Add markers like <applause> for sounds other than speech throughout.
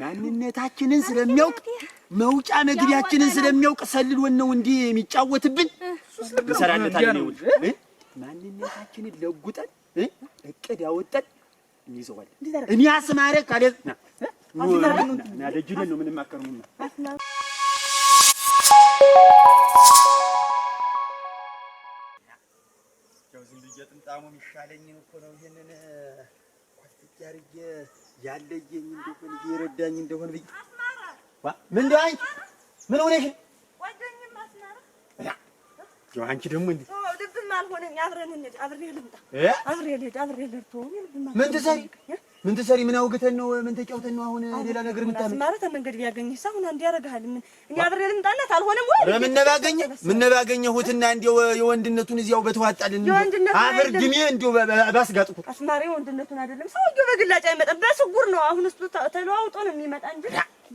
ማንነታችንን ስለሚያውቅ መውጫ መግቢያችንን ስለሚያውቅ ሰልሎን ነው እንዲህ የሚጫወትብን። እንሰራለታለን። ማንነታችንን ለጉጠን እቅድ ያወጠን እንይዘዋለን። እኔ አስማረ ካለ ደጅ ነው የምንማከር ዝም ብዬ ጥምጣሙም ይሻለኝ እኮ ነው ይሄንን ያለየኝ እንደሆን እየረዳኝ እንደሆን ብዬ ምን እንደው አንቺ ምን ሆነሽ? አንቺ ደግሞ እንዴ ልብም አልሆነኝ። አብረን እንሂድ፣ አብሬ ልምጣ፣ አብሬ ልሂድ፣ አብሬ ልሂድ። ምን ትሰሪ ምን ትሰሪ? ምን አውግተን ነው? ምን ተጫውተን ነው? አሁን ሌላ ነገር ምታምን ማለት መንገድ ቢያገኝህ ሳሁን አንድ ያደርግሃል። ምን እኛ ብር ልምጣላት አልሆነም ወይ? ምን ነባገኘ ምን ነባገኘ ሁትና እንዲው የወንድነቱን እዚያው በተዋጣልን አብር ድሜ እንዲው ባስጋጥኩት አስማሪ ወንድነቱን አይደለም ሰው ሰውዬው በግላጭ አይመጣም፣ በስጉር ነው። አሁን እሱ ተለዋውጦ ነው የሚመጣ እንጂ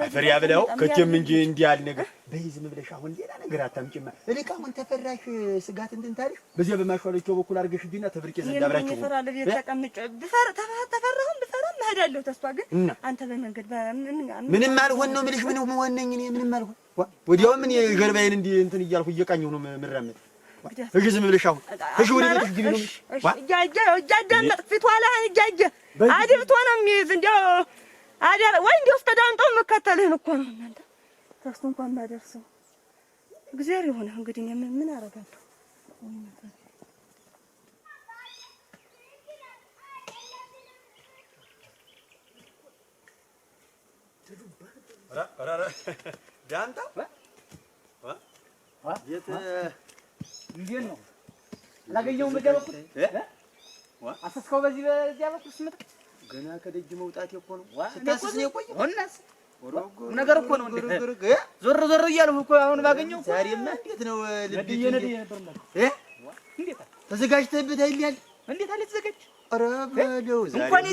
አፈር ያብለው ከጀም እንጂ እንዲህ ያል ነገር በይ ዝም ብለሽ አሁን ሌላ ነገር አታምጪማ። እልቅ አሁን ተፈራሽ ስጋት እንትን ታሪሽ በዚያ በማሽዋለቸው በኩል አድርገሽ ሂጂና ተብርቄ ዘንድ አብራችሁ ተፈራሁም እሄዳለሁ። ተስፋ ግን አንተ በመንገድ ምንም አልሆን ነው የምልሽ። ምን መሆን እኔ? ምንም አልሆን። ወዲያውም እኔ ጀርባዬን እንዲህ እንትን እያልኩ እየቃኘሁ ነው የምራመድ። እሺ ዝም ብለሽ አሁን እሺ፣ ወደ ቤትሽ ግቢ ነው እያየ እያዳመጥ ፊቷ ላህን እያየ አድብቶ ነው የሚይዝ እንዲያው አዳር ወይ እንዲያው እስከ ዳምጠው የምከተልህን እኮ ነው እናንተ ተስቱ እንኳን ባደርሰው እግዚአብሔር ይሆነ እንግዲህ ምን ምን ዳንታ እንዴት ነው? ገና ከደጅ መውጣት እኮ ነው። ስታስስ ነው የቆየው። ነገር እኮ ነው። ዞር ዞር እያልኩ እኮ አሁን ባገኘው ዛሬማ እንዴት ነው? ተዘጋጅተህበት አይደል? እንዴት አለ ተዘጋጅ ኧረ በለው እንኳን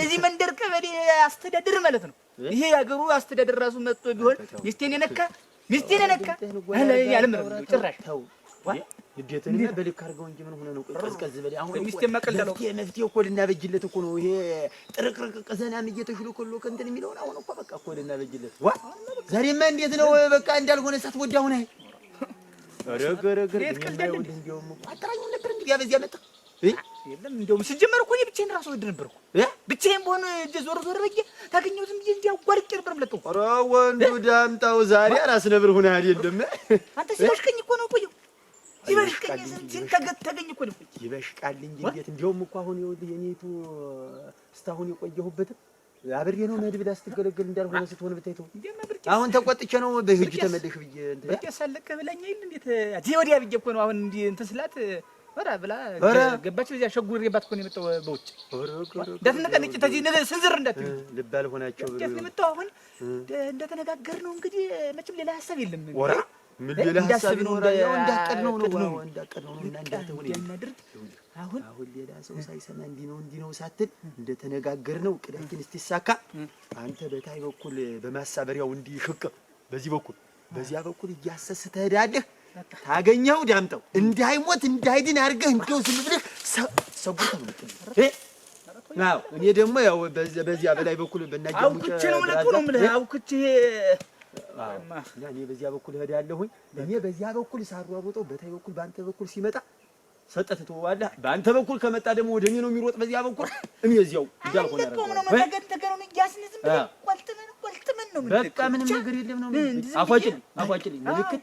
የዚህ መንደር ቀበሌ አስተዳደር ማለት ነው። ይሄ የሀገሩ አስተዳደር ራሱ መጥቶ ቢሆን ሚስቴን የነካ ሚስቴን የነካ ያለምረው ጭራሽ ግዴታን እና በልክ አድርገው እንጂ ምን ሆነ ነው? ቀዝቀዝ በል አሁን ሚስቴ መቀልደለው መፍትሄ እኮ ልናበጅለት እኮ ነው። ይሄ ጥርቅርቅ ዘናም እየተሽሉ ከእንትን የሚለውን አሁን እኮ በቃ እኮ ልናበጅለት። ዋ ዛሬማ እንዴት ነው? በቃ እንዳልሆነ እሳት ወዲያ አሁን አይ ረገረገር እንደውም አጥራኝ ነበር እንጂ ያ መጣ የለም እንደውም ሲጀመር እኮ እኔ ብቻዬን እራሱ ወድ ነበርኩ። ብቻዬን በሆነ ዞር ዞር ብዬ ነበር ኧረ ወንዱ ዳምጣው ዛሬ አራስ ነብር የለም አንተ ሲበሽቀኝ እኮ ነው ተገኝ እኮ ነው ይበሽቃል እንጂ እንዴት እንደውም እኮ አሁን ይኸውልህ የኔቱ እስካሁን የቆየሁበትም አብሬ ነው ስትገለገል እንዳልሆነ ስትሆን አሁን ተቆጥቼ ነው በህጅ ተመለሽ ብዬ እንትን ብላኝ ይል እንዴት ወዲያ ብዬ እኮ ነው አሁን እንዲህ እንትን ስላት ኧረ ብላ ገባች። በዚያ አሸጉሬባት እኮ ነው የመጣው በውጭ እንዳትነቀንቂ፣ ተዚህ ስንዝር እንዳትል ልባል ሆናቸው የመጣው አሁን እንደተነጋገርነው እንግዲህ መቼም ሌላ ሀሳብ የለም። ወራ ምን ሌላ ሀሳብ ይኖራል? እንዳቀድነው ነው እንዳቀድነው ነው እና እንዳትሆን የምናደርግ አሁን አሁን ሌላ ሰው ሳይሰማ እንዲህ ነው እንዲህ ነው ሳትል እንደተነጋገርነው ቅዳችን እስኪሳካ አንተ በታይ በኩል በማሳበሪያው እንዲህ ሽቅብ፣ በዚህ በኩል በዚያ በኩል እያሰስ ትሄዳለህ ታገኘው ዳምጠው እንዳይሞት እንዳይድን አድርገህ እንደው ዝም ብለህ ሰጉርታ ነው የምትል። አዎ እኔ ደግሞ ያው በዚያ በላይ በኩል በእናትህ አውክቼ ነው ለቁ ነው የምልህ አውክቼ እኔ በዚያ በኩል እሄዳለሁኝ። እኔ በዚያ በኩል ሳሯሮጠው በታይ በኩል በአንተ በኩል ሲመጣ ሰጠት ትወዋለህ። በአንተ በኩል ከመጣ ደግሞ ወደ እኔ ነው የሚሮጥ በዚያ በኩል እኔ እዚያው እያልኩ ነው በቃ ምንም ነገር የለም ነው አፏጭልኝ አፏጭልኝ ምልክት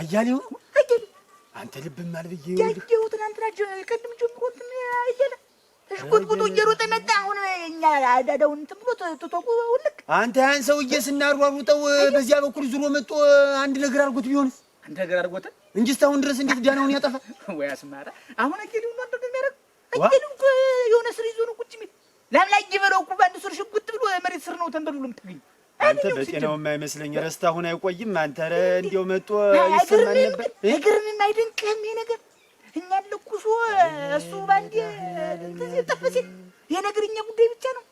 አያሌው ነው አያሌው። አንተ ልብ ማል ብዬ ያየሁት ትናንትና ቅድም ጀምሮ እንትን አያሌ ተሽቆጥቁጦ እየሮጠ መጣ። አሁን እኛ አዳዳውን እንትን ብሎ ትቶ ውልቅ። አንተ ያን ሰውዬ ስናሯሩጠው በዚያ በኩል ዙሮ መጥቶ አንድ ነገር አድርጎት ቢሆንስ? አንድ ነገር አድርጎት እንጂ እስካሁን ድረስ እንዴት ዳናውን ያጠፋ <laughs> ወይ አስማራ። አሁን አያሌው ነው አድርገው የሚያደርግ አያሌው የሆነ ስር ይዞ ነው ቁጭ ሚል ላም ላይ ይበለው እኮ በአንድ ስር ሽጉጥ ብሎ መሬት ስር ነው ተንበሉ ለምትገኝ አንተ በጤናው የማይመስለኝ ረስታ ሁን አይቆይም። አንተ ኧረ እንዲያው መጥቶ ይሰማል ነበር። እግርንም አይደንቅህም ይሄ ነገር እኛ ልኩሱ እሱ ባንዴ እንትዚህ ጠፈሴ ይሄ ነገር እኛ ጉዳይ ብቻ ነው።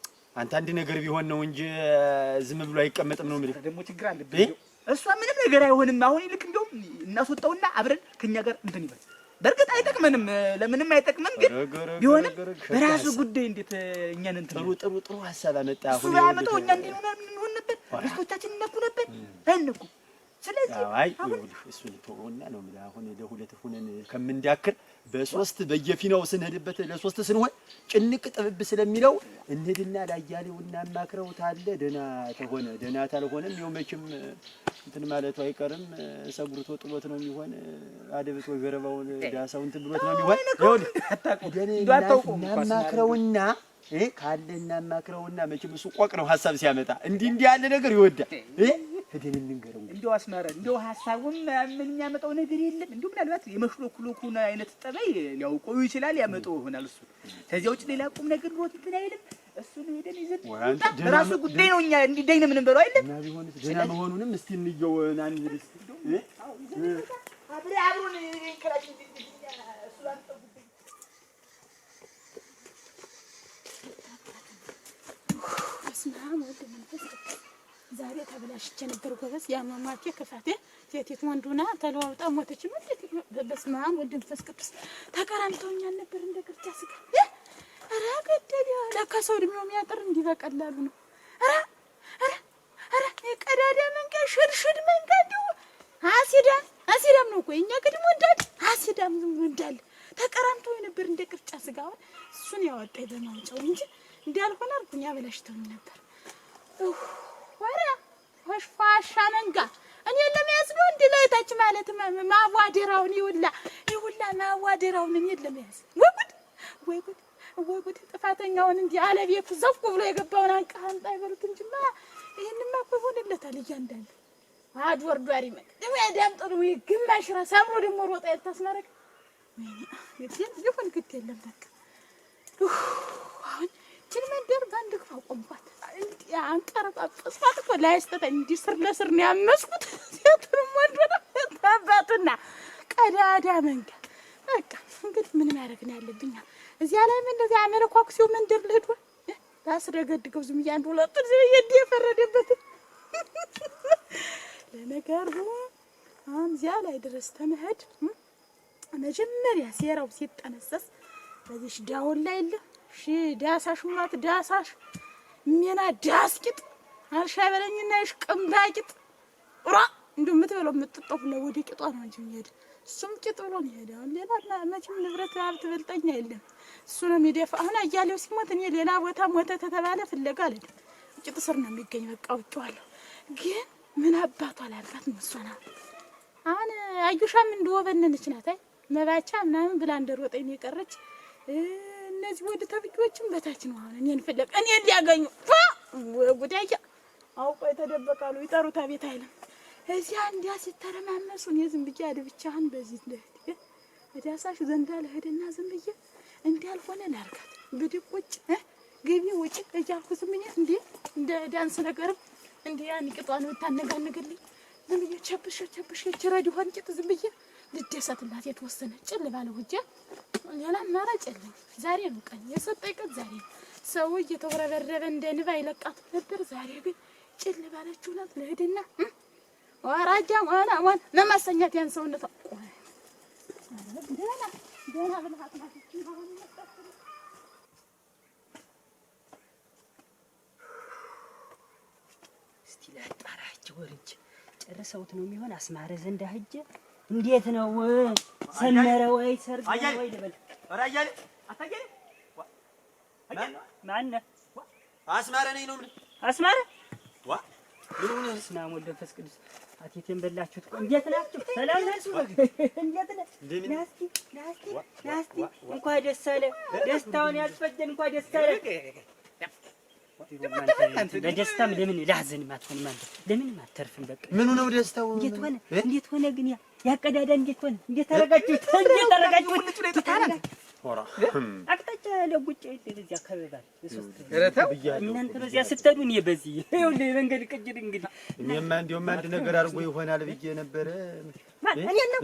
አንተ አንድ ነገር ቢሆን ነው እንጂ ዝም ብሎ አይቀመጥም ነው የምልህ። ደግሞ ችግር አለብህ። እሷ ምንም ነገር አይሆንም። አሁን ይልቅ እንደውም እናስወጣውና አብረን ከኛ ጋር እንትን ይበል። በእርግጥ አይጠቅመንም፣ ለምንም አይጠቅመን። ግን ቢሆንም በራሱ ጉዳይ እንዴት እኛን እንትን ጥሩ ጥሩ ጥሩ ሀሳብ አመጣ። አሁን ያመጣው እኛ እንዲሆን ነበር ርስቶቻችን እነኩ ነበር እነኩ። ስለዚህ እሱ ልትሆና ነው አሁን ለሁለት ሆነን ከምንዳክር በሶስት በየፊናው ስንሄድበት ለሶስት ስንሆን ጭንቅ ጥብብ ስለሚለው እንሂድና ላያሌው እናማክረው ታለ ደህና ተሆነ ደህና ታልሆነም ይኸው መቼም እንትን ማለቱ አይቀርም። ሰጉርቶ ጥሎት ነው የሚሆን አደብቶ ገረባውን ዳሳውን እንትን ብሎት ነው የሚሆን። ይኸውልህ እናማክረውና ይሄ ካለ እናማክረውና መቼም እሱ ቆቅ ነው ሀሳብ ሲያመጣ እንዲህ እንዲህ ያለ ነገር ይወዳል። ሄደን እንንገረው። እንደው አስመረ እንደው ሀሳቡም የሚያመጣው ነገር የለም። እንደው ምናልባት የመሽሎክሎኩን አይነት ጠባይ ሊያውቀው ይችላል፣ ያመጣው ይሆናል እሱ። ከዚያ ውጭ ሌላ ቁም ነገር ኖት እንትን አይልም። እሱን ሄደን ይዘን ራሱ ጉዳይ ነው። እኛ እንዲዳኝ ነው የምንበለው አይደለም። ደህና መሆኑንም እስቲ እንየው። ና እንሂድ አብረን አብሮን ከላሽ በስመ አብ ወወልድ ወመንፈስ ዛሬ ተበላሽቼ ነበር ጎበዝ። ያመማቴ ክፋቴ ሴቲት ወንዱና ተለዋውጣ ሞተች። በስመ አብ ወወልድ ወመንፈስ ቅዱስ ተቀራምተውኛል ነበር እንደ ቅርጫ ስጋ። ኧረ ገደል ለካ ሰው እድሜው የሚያጥር እንዲህ በቀላሉ ነው። ኧረ ኧረ ኧረ የቀዳዳ መንጋ ሽድሽድ መንጋ አሲዳም አሲዳም ነው እኮ የእኛ ቅድሞ እንዳለ አሲዳም ዝም እንዳለ ተቀራምተው ነበር እንደ ቅርጫ ስጋ። አሁን እሱን ያወጣኝ በማውጫው እንጂ እንዳልሆነ አልኩኝ። አበላሽተውኝ ነበር። ወረ ፋሻ መንጋ እኔ ለመያዝ ነው እንዲ ለታች ማለት ማዋደራውን ይውላ ይውላ ማዋደራውን እኔ ለመያዝ ወይ ጉድ ወይ ጉድ ወይ ጉድ! ጥፋተኛውን እንዲ አለቤቱ ዘፍኩ ብሎ የገባውን አንቃህ አምጣ ይበሉት እንጂማ ይሄንማ እኮ ይሆንለታል እያንዳንዱ አድ ወርዶ አሪመት ወይ ዳምጦ ነው ግማሽ ራስ አምሮ ደግሞ ሮጣ የታስመረቅ ይሄን ይሁን ግድ የለም በቃ አሁን ያችን መንደር በአንድ ግፋ ቆምኳት። አንቀረጣጥሷት እኮ ላይስተተኝ እንዲህ ስር ለስር ነው ያመስኩት። ሴቱንም ወንዱንም አባቱና ቀዳዳ መንገድ በቃ እንግዲህ ምን ማድረግ ነው ያለብኝ? እዚያ ላይ ምን እንደዚህ አመለኳኩሲው መንደር ልሄድ ወይ ላስረገድገው ዝም እያንድ ሁለት ዝም የዲ የፈረደበት ለነገሩ አሁን እዚያ ላይ ድረስ ተመሄድ መጀመሪያ ሴራው ሲጠነሰስ በዚህ ዳውን ላይ የለም ሺ ዳሳሽ ሙላት ዳሳሽ ሜና ዳስቂጥ አልሻ በለኝና ይሽ ቅምባቂጥ ራ እንዴ የምትበለው የምትጠጣው ብለ ወደ ቂጧ ነው እንጂ የሚሄድ እሱም ቂጥ ብሎ ነው ሄደ። ሌላ መቼም ንብረት ሀብት በልጠኛ የለም። እሱ ነው የሚደፋ። አሁን አያሌው ሲሞት እኔ ሌላ ቦታ ሞተ ተተባለ ፍለጋ አለ ቂጥ ስር ነው የሚገኝ። በቃ ውጭዋለሁ። ግን ምን አባቷ ላልባት ምሷና አሁን አዩሻም እንደወበነነች አይ መባቻ ምናምን ብላ እንደሮጠኝ የቀረች እነዚህ ወደ ተብጆችም በታች ነው። አሁን እኔን ፍለቅ እኔን ሊያገኙ ጉዳይ አውቆ የተደበቃሉ ይጠሩታ ቤት አይልም። እዚያ እንዲያ ሲተረማመሱ እኔ ዝም ብዬ አድብቻህን በዚህ ልሂድ እዳሳሽ ዘንዳ ልሂድና ዝም ብዬ እንዲያልሆነ ላርጋት ብድቅ ውጭ ግቢ ውጭ እያልኩ ዝም ብዬ እንዴ እንደ ዳንስ ነገርም እንዲህ ያን ቅጧን ብታነጋንግልኝ ምን እየቸብሽ ቸብሽ ቸብሽ ችረድ ይሆን ቂጥ ዝም ብዬ ልደሰት የተወሰነ ጭል ባለ ውጃ ሌላ አማራጭ የለኝ። ዛሬ ነው ቀን የሰጠኝ ቀን ዛሬ ነው። ሰው እየተወረበረበ እንደ ንብ አይለቃት ነበር። ዛሬ ግን ጭል ባለችው ናት ልሂድና ወራጃ ዋና ዋን ለማሰኛት ያን ሰውነት ደህና ደና ብልሃት ናት እስቲ ላጣራቸው ወርጄ ጨርሰውት ነው የሚሆን። አስማረ ዘንዳ ሂጅ። እንዴት ነው ሰመረ ወይ ሰርግ ወይ ደበል? ልበል? አያሌ አታያሌ ማነህ? አስማረ ነኝ ነው። ምን አስማረ ዋ ምን ሆነ? ስማ ወልደ መንፈስ ቅዱስ አቴቴን በላችሁት እኮ። እንዴት ናችሁ? ሰላም ናችሁ? እንዴት ናችሁ? ናስቲ ናስቲ ናስቲ እንኳን ደስ አለ። ደስታውን ያስፈጀን እንኳን ደስ አለ። በደስታም ለምን ላህዘንም አትሆንም አንተ? ለምንም አትተርፍም። በቃ ምኑ ነው ደስታው? እንዴት ሆነ? እንዴት ሆነ ግን ያ ያቀዳዳ እንዴት ሆነ? እንዴት ታረጋችሁ? እንዴት ታረጋችሁ? አቅጣጫ ለጉጭ እዚያ ከበባል እናንተ በዚያ ስትሄዱ እኔ በዚህ <laughs> ይኸውልህ መንገድ ቅጅል እንግዲህ እኔማ እንዲያውም አንድ ነገር አድርጎ ይሆናል ብዬ ነበረ። እኔ ነው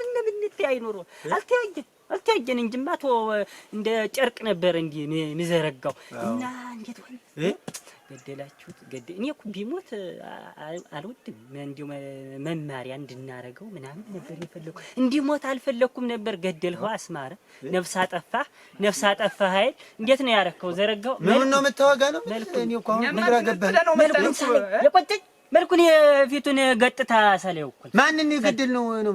ምን እንትን አይኖረው አልተያየም አልታየን እንጂ ማቶ እንደ ጨርቅ ነበር እንዲህ ንዘረጋው እና እንዴት ወይ ገደላችሁት? ገደ እኔ እኮ ቢሞት አልወድም። እንዲሁ መማሪያ እንድናረገው ምናምን ነበር የፈለኩ። እንዲሞት አልፈለኩም ነበር። ገደልኸው፣ አስማረ፣ ነፍስ አጠፋህ፣ ነፍስ አጠፋህ። ኃይል እንዴት ነው ያረከው? ዘረጋው። ምን ነው የምታወጋ ነው? እኔ እኮ አሁን ግራ ገባኝ። መልኩን ሳላይ የቆጨኝ መልኩን የፊቱን ገጥታ ሳላይ እኮ ማንን ነው ነው ነው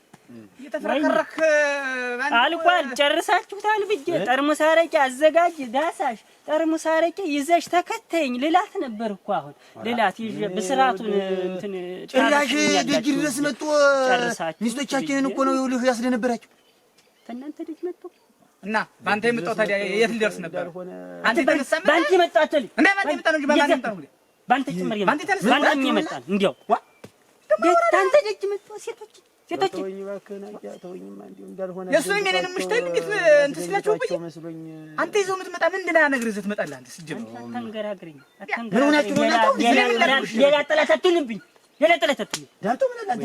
እየተፈረከረክ አልቋል። ጨርሳችሁታል ብዬ ጠርሙስ አረቄ አዘጋጅ ዳሳሽ ጠርሙስ አረቄ ይዘሽ ተከተይኝ ልላት ነበር እኮ አሁን ልላት ይዤ ብስራቱን እንትን ጭራሽ ደጅ ድረስ መጡ። ሚስቶቻችንን እኮ ነው ይኸውልህ ያስደነበራቸው ከእናንተ ደጅ መጡ። እና በአንተ የመጣው ታዲያ የት ልደርስ ነበር? አንተ ተነሳም ባንቺ የመጣ አትልኝ እንዴ? የመጣ ነው እንጂ ባንተ ጭምር የመጣ ባንተ የመጣ እንዲያው ደግ ደጅ መጣ ሴቶች ሴቶች የእሱንም የእኔንም ምሽታይም እንዴት እንትን ስላቸውብኝ አንተ ይዘው የምትመጣ ምንድን አነግርህ እዚህ ትመጣለህ። አንተ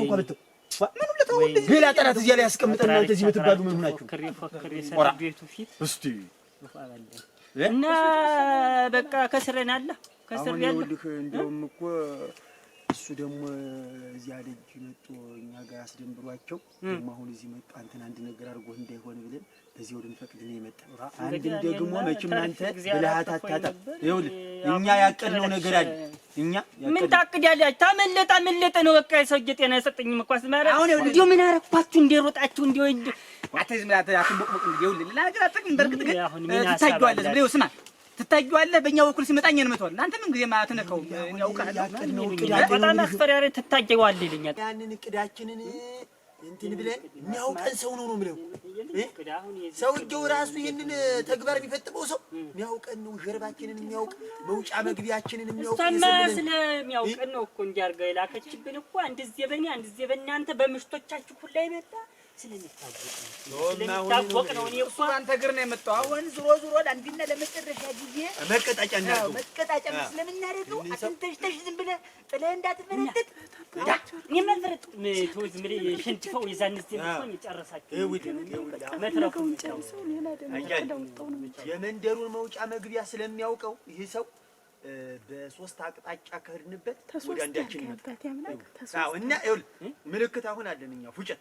እዚያ ላይ ያስቀምጠና አንተ እዚህ የምትባሉ ምን ሆናችሁ? እስቲ እና በቃ ከስረናል፣ ከስር ያለ እንደውም እኮ እሱ ደግሞ እዚያ ደጅ መጥቶ እኛ ጋር አስደንብሯቸው ደግሞ አሁን እዚህ መጣ አንተን አንድ ነገር አድርጎ እንዳይሆን ብለን በዚህ ወደ ፈቅድ ነው የመጣ። አንድም ደግሞ መቼም አንተ ብልሃት አታጣም። ይኸውልህ እኛ ያቀድነው ነገር አለ። እኛ ምን ታቅዳላችሁ? ታመለጠ አመለጠ ነው በቃ። የሰው ጤና አይሰጠኝም እኮ አስማራ። አሁን እንዲሁ ምን አረኳችሁ? እንደሮጣችሁ እንዲሁ አትዝም ብላ አትንቦቅቦቅ። ይኸውልህ ሌላ ነገር አጠቅም። በእርግጥ ግን ትታየዋለህ። ዝም ብለው ስማ ትታየዋለህ። በእኛ በኩል ሲመጣ እኛን መተዋል። አንተ ምን ጊዜ ማለት ነከው በጣም አስፈራሪ ትታየዋለህ ይለኛል። ያንን እቅዳችንን እንትን ብለህ የሚያውቀን ሰው ነው ነው ብለው ሰውየው ራሱ ይህንን ተግባር የሚፈጥመው ሰው የሚያውቀን ነው። ጀርባችንን የሚያውቅ መውጫ መግቢያችንን የሚያውቅ ስለሚያውቀን ነው እኮ እንዲያርገው የላከችብን እኮ አንድ ዜ በእኔ አንድ ዜ በእናንተ በምሽቶቻችሁ ሁላ ይመጣ ስለሚታወቅ ነው። እኔ እኮ አንተ እግር ነው የመጣው። አሁን ዞሮ ዞሮ ለአንድና ለመጨረሻ ጊዜ መቀጣጫ እናድርገው፣ መቀጣጫ ስለምናደርገው አትንተሽተሽ ዝም ብለህ ጥለህ እኔም ዝም ብለህ የዛን የመንደሩን መውጫ መግቢያ ስለሚያውቀው ይህ ሰው በሶስት አቅጣጫ ከሄድንበት ወደ አንዳችን ይመጣል እና ምልክት አሁን አለን እኛ ፉጨት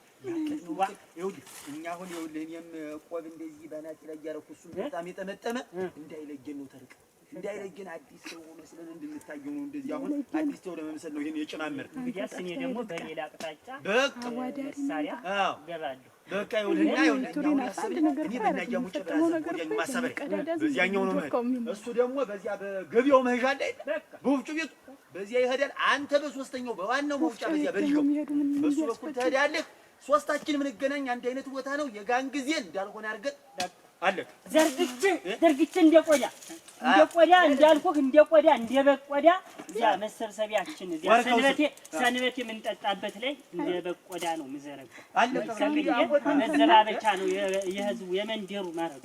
እኛ አሁን ይኸውልህ እኔም ቆብ እንደዚህ ባናጭ ላይ እያደረኩ እሱን በጣም የጠመጠመ እንዳይለየን ነው ተርቅ እንዳይለየን አዲስ ሰው መስለን እንድንታየው ነው። እንደዚህ አሁን አዲስ ሰው ለመምሰል ነው ይሄን የጨናመር። እንግዲያስ እኔ ደግሞ በሌላ አቅጣጫ በቃ ይኸውልህና በዚያኛው ነው እሱ ደግሞ በዚያ በገበያው መሄጃ ላይ በውጭ ቤቱ በዚያ ይሄዳል። አንተ በሶስተኛው በዋናው መውጫ በዚያ በሱ በኩል ትሄዳለህ። ሶስታችን የምንገናኝ አንድ አይነት ቦታ ነው። የጋን ጊዜ እንዳልሆነ አድርገህ አለ ዘርግቼ ዘርግቼ እንደ ቆዳ እንደ ቆዳ እንዳልኩህ እንደ ቆዳ እንደ በግ እዚያ መሰብሰቢያችን እዚያ ሰንበቴ ሰንበቴ የምንጠጣበት ላይ እንደ በግ ቆዳ ነው የምዘረጋው። መዘባበቻ ነው የህዝቡ የመንደሩ ማረግ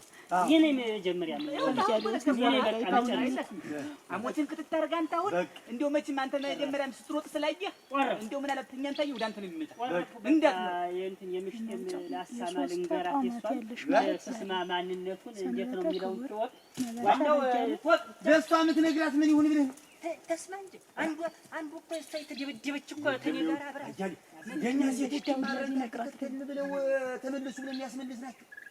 ይሄ ነው የመጀመሪያ አሞችን ክትት አንተ መቼም አንተ መጀመሪያ ስትሮጥ ስላየህ እንደው ምን አላት እኛን የምትነግራት ምን ይሁን ብለህ ተስማ እንጂ አንዱ አንዱ እኮ እሷ የተደበደበች እኮ ተኔ ጋር አብራ የእኛ ሴቶች ብለው ተመለሱ ብለው የሚያስመልስ ናቸው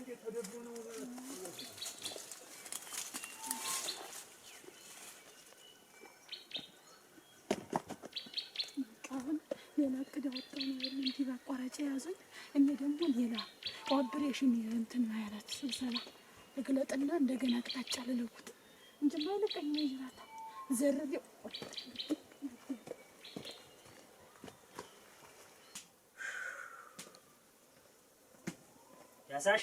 ሌላ እቅድ ያወጣው ነው ያለ እንጂ በአቋራጭ እኔ ደግሞ ሌላ ኦፕሬሽን እንትን ነው ያላት ስብሰባ እግለጥና እንደገና አቅጣጫ እንጂ ማይለቀኝ ይላታ ዘርብ ያሳሽ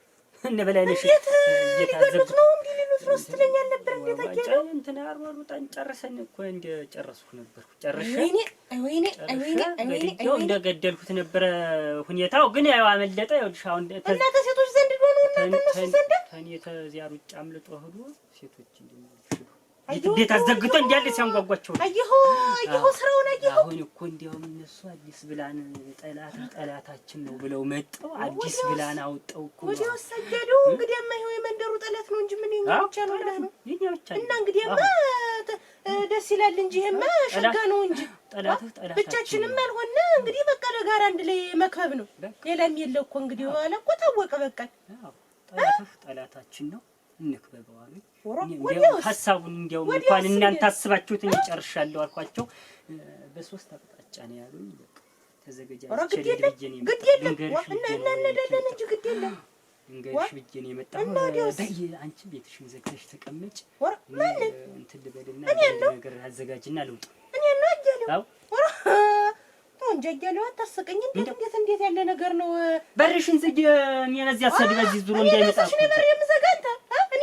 እነ በላይነሽ እንዴት ነው ሊሉት ነው ስትለኝ አልነበር? እንዴት እንትን አሯሩጣን ጨርሰን እኮ እንደ ጨረስኩ ነበር። ጨርሼ እንደገደልኩት ነበረ ሁኔታው ግን ያው አመለጠ። ይኸውልሽ አሁን እናንተ ሴቶች ዘንድ ነው እናንተ እነሱ ዘንድ ከእኔ ተዚያ ሩጫ አምልጦ ሄዶ ሴቶች እንደ ቤት አዘግቶ ሲያንጓጓቸው አየሁ አየሁ ስራውን አየሁ። አሁን እኮ እንዲያውም እነሱ አዲስ ብላን ጠላት ጠላታችን ነው ብለው መጠው አዲስ ብላን አውጠው እኮ ወዲያው ሰገዱ። እንግዲያማ ይኸው የመንደሩ ጠላት ነው እንጂ ምን የእኛ ብቻ ነው ብላ ነው እና እንግዲያማ ደስ ይላል እንጂ ይሄማ ሸጋ ነው እንጂ <gasps> ብቻችንም አልሆነ እንግዲህ በቃ ለጋራ አንድ ላይ መክበብ ነው። ሌላም እኮ እንግዲህ አለ እኮ ታወቀ በቃ ጠላታችን ነው እንክበበው አሉኝ። ሀሳቡን እንዲያውም እንኳን እናንተ አስባችሁት ጨርሻለሁ አልኳቸው። በሶስት አቅጣጫ ነው ያሉኝ። ተዘጋጃልንገርሽ ብዬን የመጣ በይ አንቺ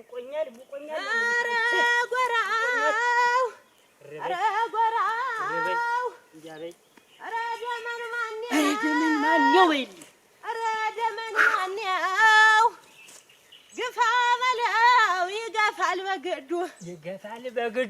ሙቆኛል ሙቆኛል። ኧረ ጎራው ኧረ ጎራው ኧረ ደመን ማነው? ኧረ ደመን ማነው? ግፋ በለው ይገፋል በግዱ ይገፋል በግዱ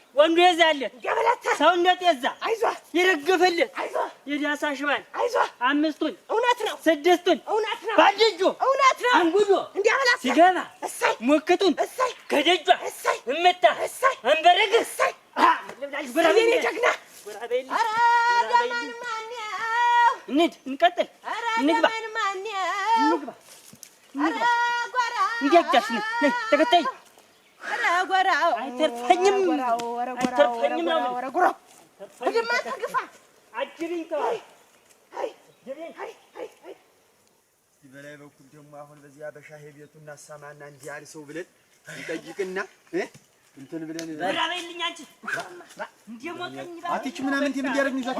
ወንዱ የዛለት ሰው እንደ ጤዛ ይረግፍለት የዳሳ ሽባል አምስቱን እውነት ነው ስድስቱን እውነት ነው ባልጆ እውነት ነው አንጉዶ ሲገባ ሞክቱን ከደጇ እምታ አንበረግ እንሂድ እንቀጥል እንግባ እንግባ እንዲያጋሽ ተከታይ ወረጎራው በላይ በኩል ደግሞ አሁን በዚያ በሻሄ ቤቱ እናሳማና እንዲህ አልሰው ብለን እንጠይቅና እንትን ብለን በራበይልኝ አንቺ እንዴ ሞቀኝ ባትች ምናምን እንትን እያደረግን ይዛት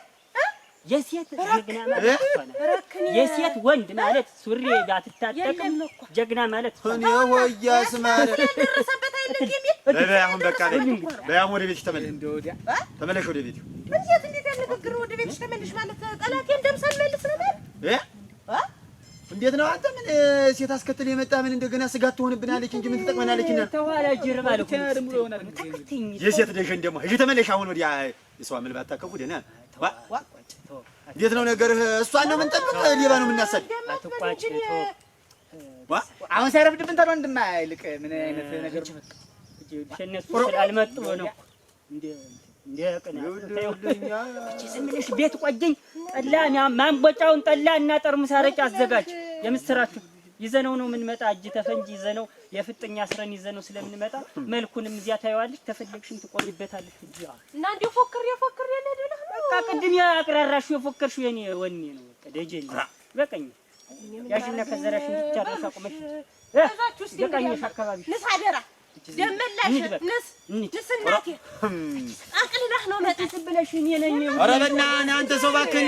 የሴት የሴት ወንድ ማለት ሱሪ ባትታጠቅም ጀግና ማለት እኔ ሆያስ ማለት አሁን በቃ በያሁን ወደ ቤትሽ ተመለሽ፣ ተመለሽ ወደ ቤት እንዴት እንዴት ያለ ንግግር ወደ ቤትሽ ተመለሽ ማለት ጠላቴን ደምሳ ልመልስ ነው እንዴት ነው አንተ? ምን ሴት አስከትል የመጣ ምን እንደገና ስጋት ትሆንብናለች እንጂ ምን ትጠቅመናለች? እና ተዋላ ጅርባ ለኩ የሴት ደጀን ደግሞ እሺ፣ ተመለሽ አሁን ወዲያ የሰው አመል ባታቀቡ ደህና እንዴት ነው ነገርህ? እሷን ነው የምንጠብቅ? ሌባ ነው የምናሰድ? አሁን ሳይረፍድብን ተለው እንድማ ይልቅ ምን አይነት ነገር እነሱ ስላልመጡ ነው ቤት ቆየኝ። ጠላ ማንቦጫውን ጠላ እና ጠርሙስ አረቄ አዘጋጅ። የምስራችሁ ይዘነው ነው የምንመጣ። እጅ ተፈንጅ ይዘነው የፍጥኛ ስረን ይዘነው ስለምንመጣ መልኩንም እዚያ ታየዋለች። ተፈለግሽም ትቆይበታለች። እጅ እና እንዲሁ ፎክሬ ፎክሬ በቃ ቅድም ያቅራራሽው የፎከርሽው የኔ ወኔ ነው። በቃ ደጀኝ በቀኝ ያሽና ከዘራሽ ብቻ አቁመሽ በቀኝሽ አካባቢ ንስ አደራ ደመላሽ ንስ ንስ እናቴ አቅልናህ ነው መጣ ብለሽ እኔ ነኝ። ኧረ በና አንተ ሰው እባክህን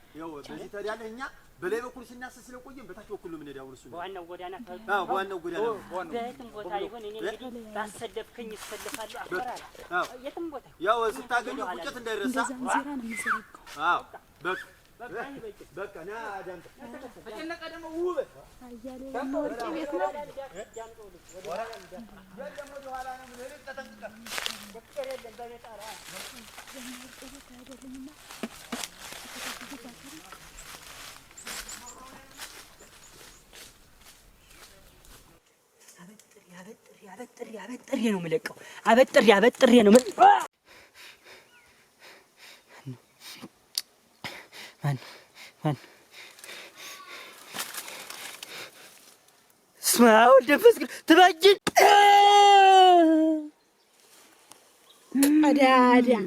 ያው በዚህ ታዲያ እኛ በላይ በኩል ስናስ ስለቆየን በታች በኩል ነው የምንሄድ። እሱ በዋናው ጎዳና አዎ፣ በዋናው ጎዳና በየትም ቦታ ይሁን እኔ እንግዲህ ባሰደብከኝ ይሰልፋሉ። አፈራል አዎ፣ የትም ቦታ ያው ስታገኘው ቁጭት እንዳይረሳ። አዎ፣ በቃ በቃ ና አበጥሬ አበጥሬ ነው የምለቀው። አበጥሬ አበጥሬ ነው ማን ስማው ደፈስ ትባጅን አዳ